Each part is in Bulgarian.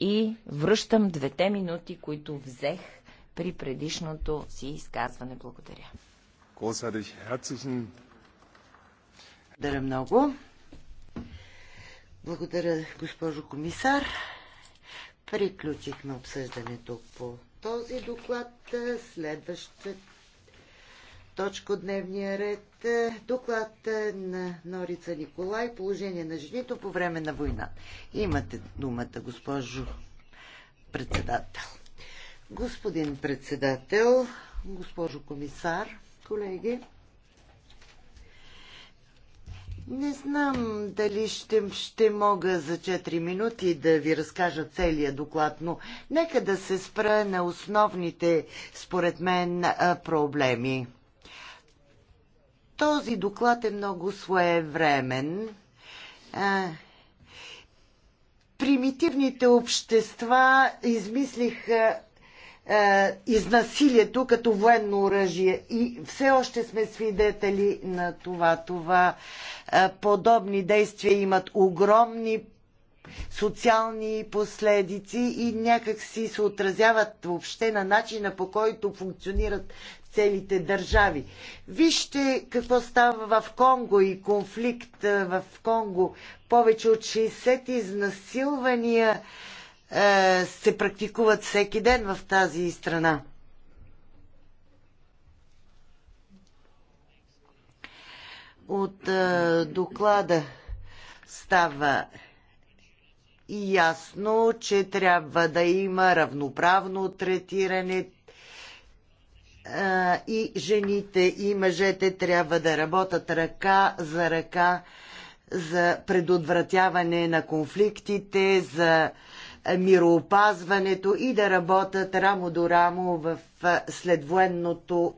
и връщам двете минути, които взех при предишното си изказване. Благодаря. Благодаря много. Благодаря, госпожо комисар. Приключихме обсъждането по този доклад. Следващата точка от дневния ред. Доклад на Норица Николай. Положение на жените по време на война. Имате думата, госпожо председател. Господин председател, госпожо комисар, колеги. Не знам дали ще, ще мога за 4 минути да ви разкажа целия доклад, но нека да се спра на основните, според мен, проблеми. Този доклад е много своевремен. Примитивните общества измислиха изнасилието като военно оръжие. И все още сме свидетели на това. Това подобни действия имат огромни социални последици и някак си се отразяват въобще на начина по който функционират целите държави. Вижте какво става в Конго и конфликт е, в Конго. Повече от 60 изнасилвания е, се практикуват всеки ден в тази страна. От е, доклада става и ясно, че трябва да има равноправно третиране и жените и мъжете трябва да работят ръка за ръка за предотвратяване на конфликтите, за мироопазването и да работят рамо до рамо в следвоенното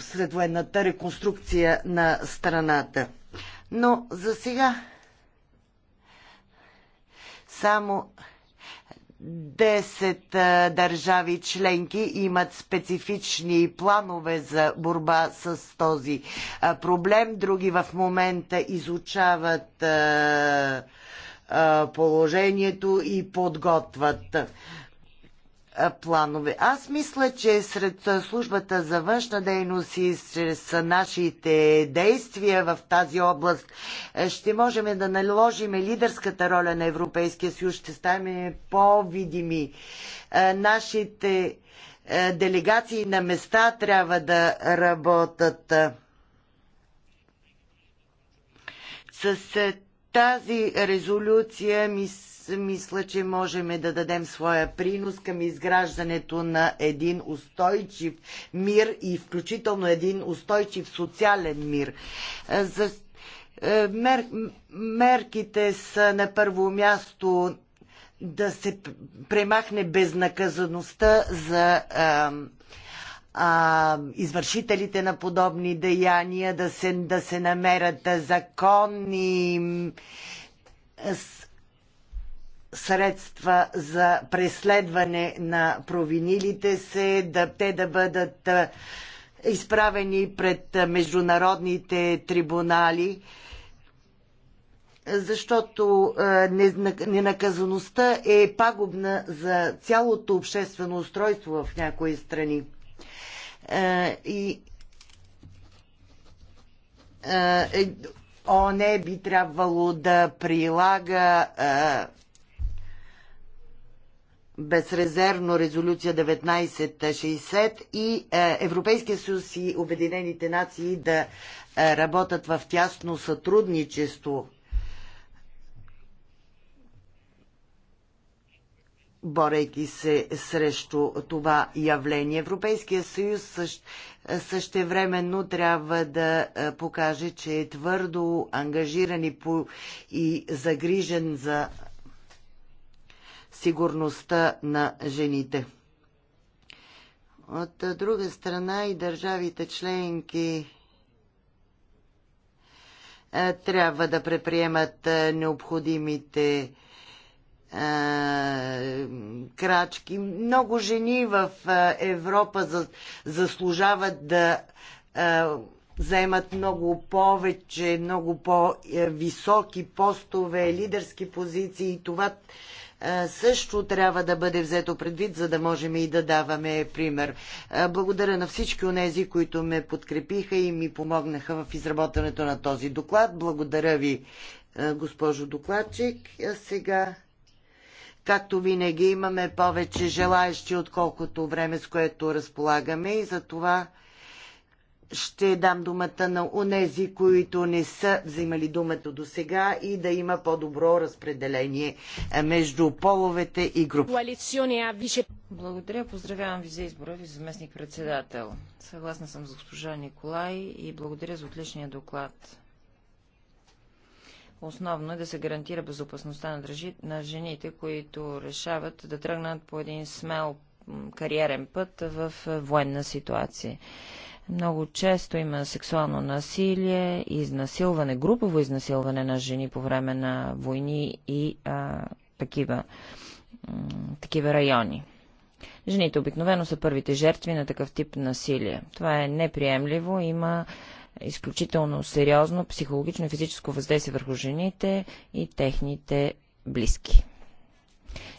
следвоенната реконструкция на страната. Но за сега само 10 държави членки имат специфични планове за борба с този проблем. Други в момента изучават положението и подготвят планове. Аз мисля, че сред службата за външна дейност и чрез нашите действия в тази област ще можем да наложим лидерската роля на Европейския съюз, ще ставаме по-видими. Нашите делегации на места трябва да работят с тази резолюция ми мисля, че можем да дадем своя принос към изграждането на един устойчив мир и включително един устойчив социален мир. За мер, мерките са на първо място да се премахне безнаказаността за а, а, извършителите на подобни деяния, да се, да се намерят законни средства за преследване на провинилите се, да те да бъдат изправени пред международните трибунали, защото ненаказаността е пагубна за цялото обществено устройство в някои страни. И е, ОНЕ би трябвало да прилага безрезервно резолюция 1960 и е, Европейския съюз и Обединените нации да е, работят в тясно сътрудничество. борейки се срещу това явление. Европейския съюз също, е, същевременно трябва да покаже, че е твърдо ангажиран и, по, и загрижен за сигурността на жените. От друга страна и държавите членки е, трябва да предприемат е, необходимите е, крачки. Много жени в Европа заслужават да заемат много повече, много по-високи постове, лидерски позиции. и Това също трябва да бъде взето предвид, за да можем и да даваме пример. Благодаря на всички тези, които ме подкрепиха и ми помогнаха в изработването на този доклад. Благодаря ви, госпожо докладчик. А сега, както винаги, имаме повече желаящи, отколкото време, с което разполагаме и за това ще дам думата на онези, които не са взимали думата до сега и да има по-добро разпределение е, между половете и групи. Благодаря, поздравявам ви за избора ви заместник председател. Съгласна съм с госпожа Николай и благодаря за отличния доклад. Основно е да се гарантира безопасността на жените, които решават да тръгнат по един смел кариерен път в е, военна ситуация. Много често има сексуално насилие, изнасилване, групово изнасилване на жени по време на войни и а, такива, такива райони. Жените обикновено са първите жертви на такъв тип насилие. Това е неприемливо. Има изключително сериозно психологично и физическо въздействие върху жените и техните близки.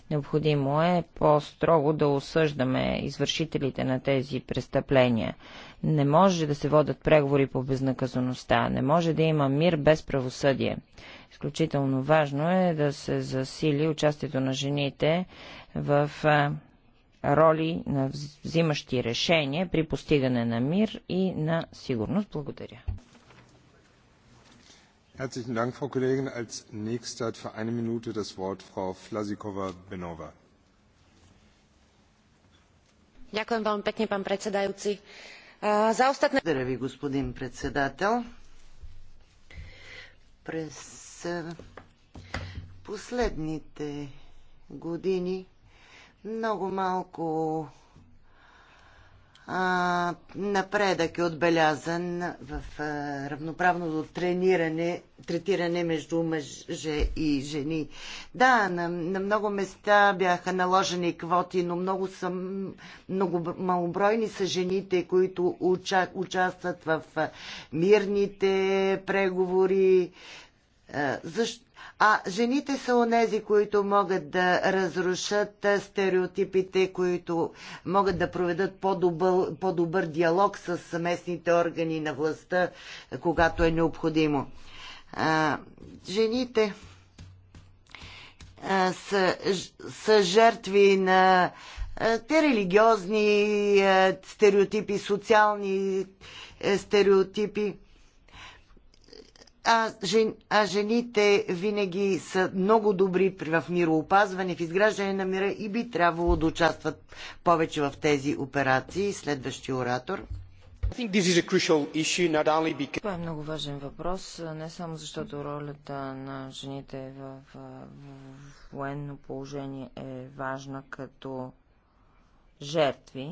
Необходимо е по-строго да осъждаме извършителите на тези престъпления. Не може да се водят преговори по безнаказаността. Не може да има мир без правосъдие. Изключително важно е да се засили участието на жените в роли на взимащи решения при постигане на мир и на сигурност. Благодаря. Herzlichen Dank, Frau Kollegin. Als nächste hat für eine Minute das Wort Frau Flasikova-Benova. Ďakujem veľmi pekne, pán predsedajúci. За остатна... Благодаря ви, господин председател. През последните години много малко а, напредък е отбелязан в а, равноправното трениране, третиране между мъже и жени. Да, на, на много места бяха наложени квоти, но много, са, много малобройни са жените, които уча, участват в мирните преговори, е, Защо? А жените са онези, които могат да разрушат е, стереотипите, които могат да проведат по-добър, по-добър диалог с местните органи на властта, когато е необходимо. А, е, жените а, са, са жертви на а, те религиозни а, стереотипи, социални а, стереотипи а, жен, а жените винаги са много добри в мироопазване, в изграждане на мира и би трябвало да участват повече в тези операции. Следващия оратор. Това е много важен въпрос, не само защото ролята на жените в, в, в военно положение е важна като жертви,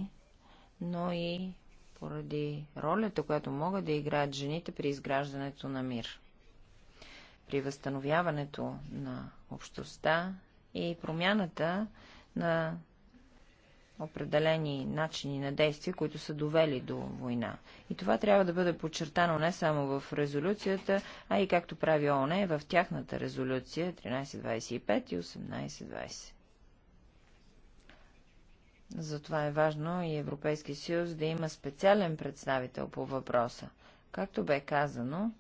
но и поради ролята, която могат да играят жените при изграждането на мир при възстановяването на общността и промяната на определени начини на действие, които са довели до война. И това трябва да бъде подчертано не само в резолюцията, а и както прави ООН е в тяхната резолюция 1325 и 1820. Затова е важно и Европейски съюз да има специален представител по въпроса. Както бе казано,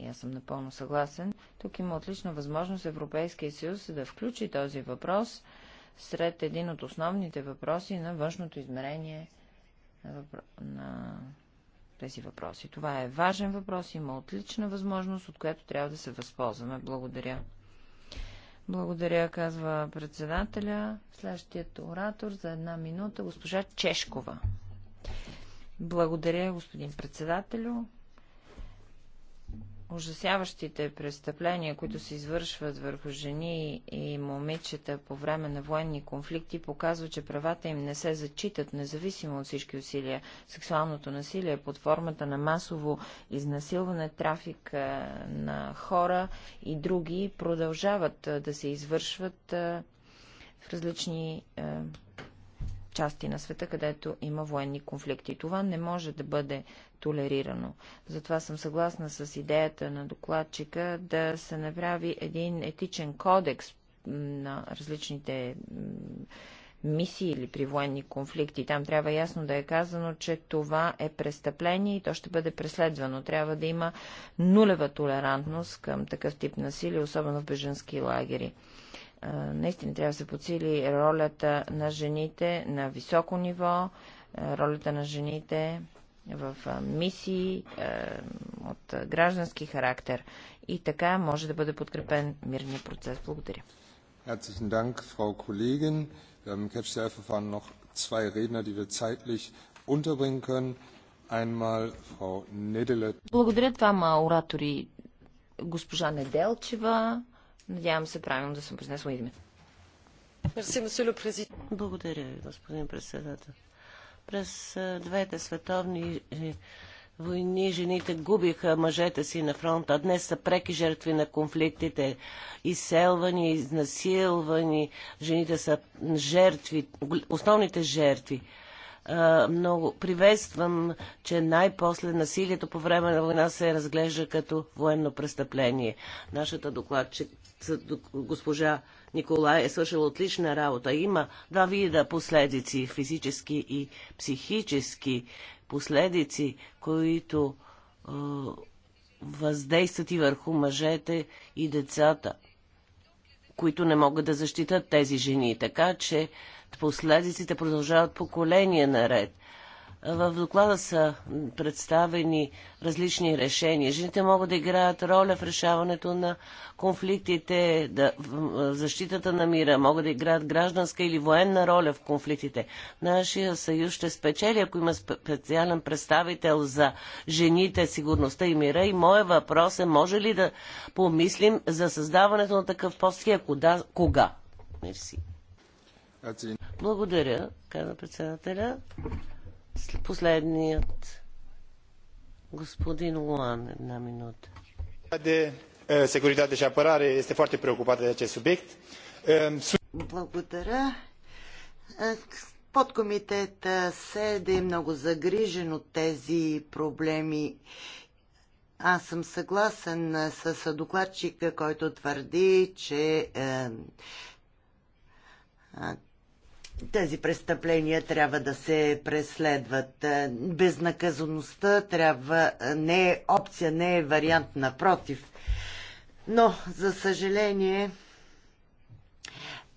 и аз съм напълно съгласен. Тук има отлична възможност Европейския съюз да включи този въпрос сред един от основните въпроси на външното измерение на, въпро... на тези въпроси. Това е важен въпрос, има отлична възможност, от която трябва да се възползваме. Благодаря. Благодаря, казва председателя. Следващият оратор за една минута, госпожа Чешкова. Благодаря, господин председателю ужасяващите престъпления, които се извършват върху жени и момичета по време на военни конфликти, показва, че правата им не се зачитат, независимо от всички усилия. Сексуалното насилие е под формата на масово изнасилване, трафик е, на хора и други продължават е, да се извършват в различни части на света, където има военни конфликти. Това не може да бъде толерирано. Затова съм съгласна с идеята на докладчика да се направи един етичен кодекс на различните мисии или при военни конфликти. Там трябва ясно да е казано, че това е престъпление и то ще бъде преследвано. Трябва да има нулева толерантност към такъв тип насилие, особено в беженски лагери наистина трябва да се подсили ролята на жените на високо ниво, ролята на жените в мисии от граждански характер. И така може да бъде подкрепен мирния процес. Благодаря. Herzlichen Dank, Frau Kollegin. Wir haben im Catch-Verfahren noch zwei Redner, die wir zeitlich unterbringen können. Einmal Frau Nedele. Благодаря двама оратори, госпожа Неделчева Надявам се правилно да съм произнесла име. Благодаря ви, господин председател. През двете световни е, войни жените губиха мъжете си на фронта, а днес са преки жертви на конфликтите. Изселвани, изнасилвани, жените са жертви, основните жертви много приветствам, че най-после насилието по време на война се разглежда като военно престъпление. Нашата че госпожа Николай, е свършила отлична работа. Има два вида последици физически и психически последици, които е, въздействат и върху мъжете и децата, които не могат да защитат тези жени. Така че последиците продължават поколения наред. В доклада са представени различни решения. Жените могат да играят роля в решаването на конфликтите, да, в защитата на мира, могат да играят гражданска или военна роля в конфликтите. Нашия съюз ще спечели, ако има специален представител за жените, сигурността и мира. И моят въпрос е, може ли да помислим за създаването на такъв пост и ако да, кога? Мерси. Благодаря, каза председателя. Последният господин Луан, една минута. De securitate е, și apărare este foarte preocupată de acest subiect. Е, Благодаря. Е, Подкомитет 7 е много загрижен от тези проблеми. Аз съм съгласен с докладчика, който твърди, че тези престъпления трябва да се преследват. Е, безнаказаността трябва е, не е опция, не е вариант, напротив. Но, за съжаление,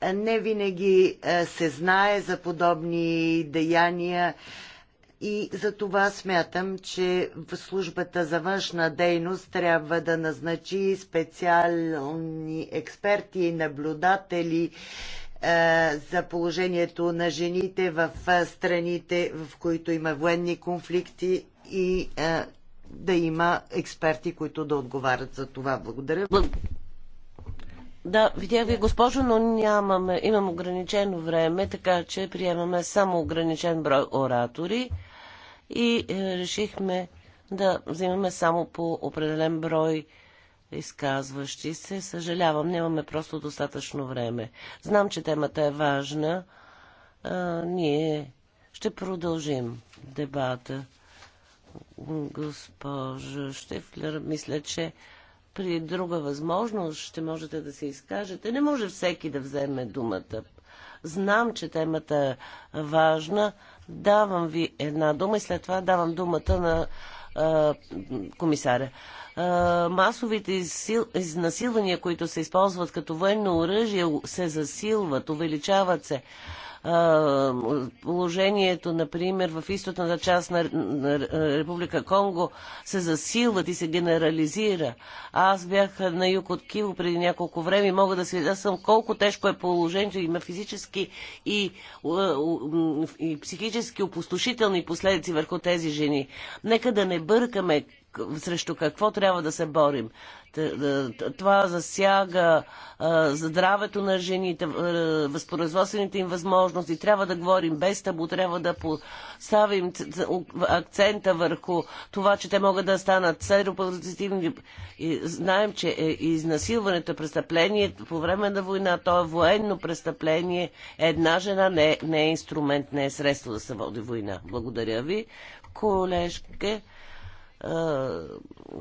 е, не винаги се знае за подобни деяния и за това смятам, че в службата за външна дейност трябва да назначи специални експерти и наблюдатели, е, за положението на жените в е, страните, в които има военни конфликти и е, да има експерти, които да отговарят за това. Благодаря. Да, видях ви, госпожо, но нямаме, имам ограничено време, така че приемаме само ограничен брой оратори и решихме да взимаме само по определен брой изказващи се. Съжалявам, нямаме просто достатъчно време. Знам, че темата е важна. А, ние ще продължим дебата. Госпожо Штефлер, мисля, че при друга възможност ще можете да се изкажете. Не може всеки да вземе думата. Знам, че темата е важна. Давам ви една дума и след това давам думата на комисаря. масовите изнасилвания, които се използват като военно оръжие, се засилват, увеличават се положението, например, в източната част на Република Конго се засилват и се генерализира. Аз бях на юг от Киво преди няколко време и мога да свидетелствам колко тежко е положението. Има физически и, и психически опустошителни последици върху тези жени. Нека да не бъркаме срещу какво трябва да се борим. Това засяга здравето на жените, възпроизводствените им възможности. Трябва да говорим без табу, трябва да поставим акцента върху това, че те могат да станат серопозитивни. Знаем, че е изнасилването е престъпление по време на война, то е военно престъпление. Една жена не не е инструмент, не е средство да се води война. Благодаря ви, колежке.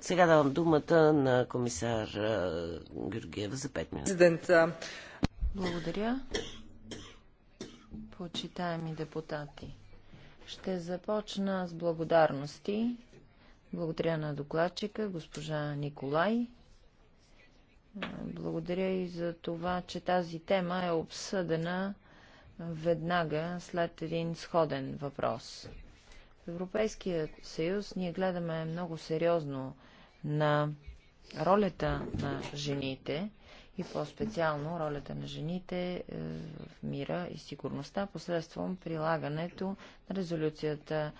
Сега давам думата на комисар Георгиев за 5 минути. Благодаря. Почитаеми депутати, ще започна с благодарности. Благодаря на докладчика, госпожа Николай. Благодаря и за това, че тази тема е обсъдена веднага след един сходен въпрос. В Европейския съюз ние гледаме много сериозно на ролята на жените и по-специално ролята на жените е, в мира и сигурността посредством прилагането на резолюцията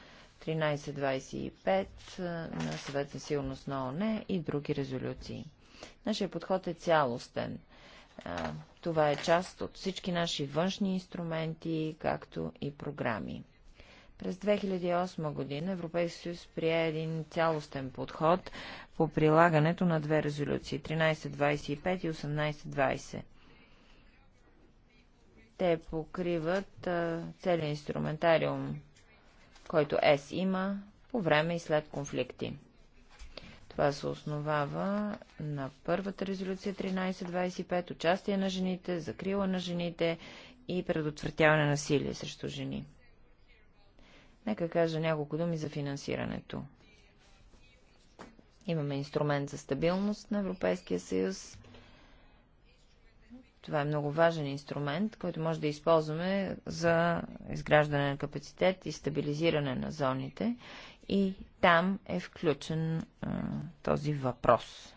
1325 е, на Съвет на сигурност на ОНЕ и други резолюции. Нашия подход е цялостен. Е, това е част от всички наши външни инструменти, както и програми. През 2008 година Европейски съюз прие един цялостен подход по прилагането на две резолюции 1325 и 1820. Те покриват целият инструментариум, който ЕС има по време и след конфликти. Това се основава на първата резолюция 1325, участие на жените, закрила на жените и предотвратяване на насилие срещу жени. Нека кажа няколко думи за финансирането. Имаме инструмент за стабилност на Европейския съюз. Това е много важен инструмент, който може да използваме за изграждане на капацитет и стабилизиране на зоните. И там е включен а, този въпрос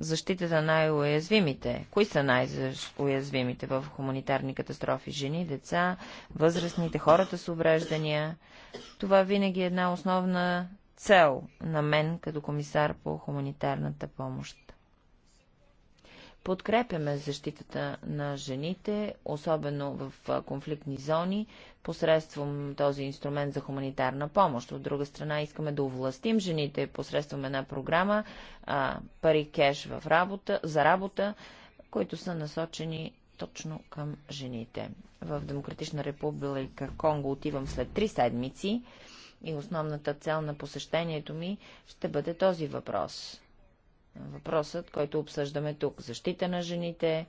защитата на най-уязвимите. Кои са най-уязвимите в хуманитарни катастрофи? Жени, деца, възрастните, хората с увреждания. Това винаги е една основна цел на мен като комисар по хуманитарната помощ. Подкрепяме защитата на жените, особено в конфликтни зони, посредством този инструмент за хуманитарна помощ. От друга страна, искаме да овластим жените посредством една програма а, пари кеш в работа, за работа, които са насочени точно към жените. В Демократична република Конго отивам след три седмици и основната цел на посещението ми ще бъде този въпрос. Въпросът, който обсъждаме тук. Защита на жените,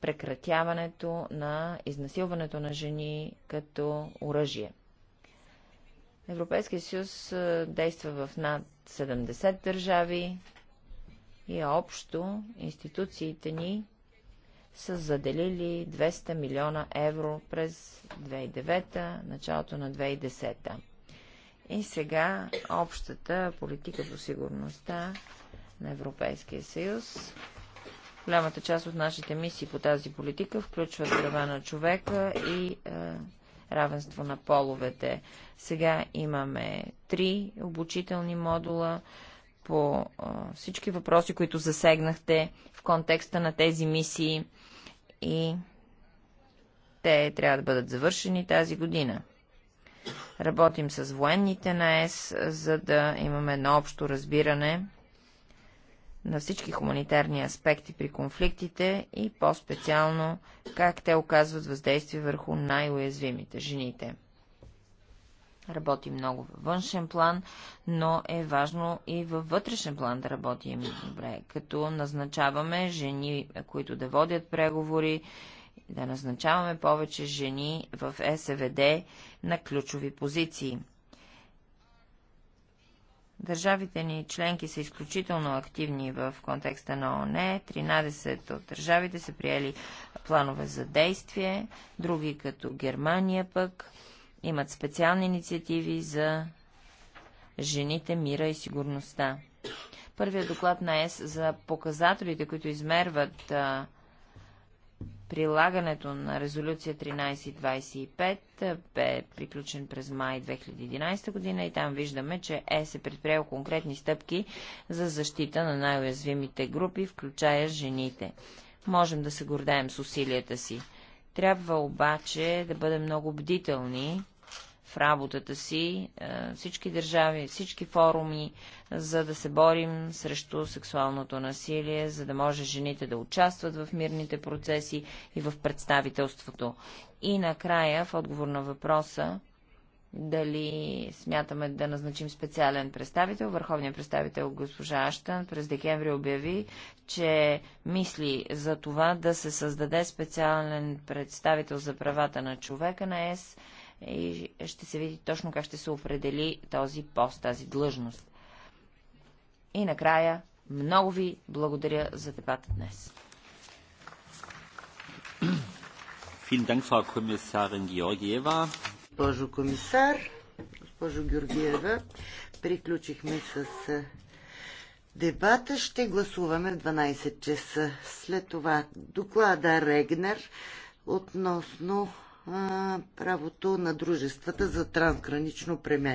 прекратяването на изнасилването на жени като оръжие. Европейския съюз действа в над 70 държави и общо институциите ни са заделили 200 милиона евро през 2009, началото на 2010. И сега общата политика по сигурността на Европейския съюз Голямата част от нашите мисии по тази политика включват права на човека и е, равенство на половете. Сега имаме три обучителни модула по е, всички въпроси, които засегнахте в контекста на тези мисии и те трябва да бъдат завършени тази година. Работим с военните на ЕС, за да имаме едно общо разбиране на всички хуманитарни аспекти при конфликтите и по-специално как те оказват въздействие върху най-уязвимите – жените. Работи много във външен план, но е важно и във вътрешен план да работим добре, като назначаваме жени, които да водят преговори, да назначаваме повече жени в СВД е на ключови позиции – Държавите ни членки са изключително активни в контекста на ООН. 13 от държавите са приели планове за действие, други като Германия пък имат специални инициативи за жените, мира и сигурността. Първият доклад на ЕС за показателите, които измерват а, Прилагането на резолюция 1325 бе приключен през май 2011 година и там виждаме, че е се предприел конкретни стъпки за защита на най-уязвимите групи, включая жените. Можем да се гордаем с усилията си. Трябва обаче да бъдем много бдителни в работата си е, всички държави, всички форуми, за да се борим срещу сексуалното насилие, за да може жените да участват в мирните процеси и в представителството. И накрая, в отговор на въпроса, дали смятаме да назначим специален представител. Върховният представител госпожа Аштан през декември обяви, че мисли за това да се създаде специален представител за правата на човека на ЕС и ще се види точно как ще се определи този пост, тази длъжност. И накрая, много ви благодаря за дебата днес. Госпожо комисар, госпожо Георгиева, приключихме с дебата. Ще гласуваме в 12 часа. След това доклада Регнер относно правото на дружествата за трансгранично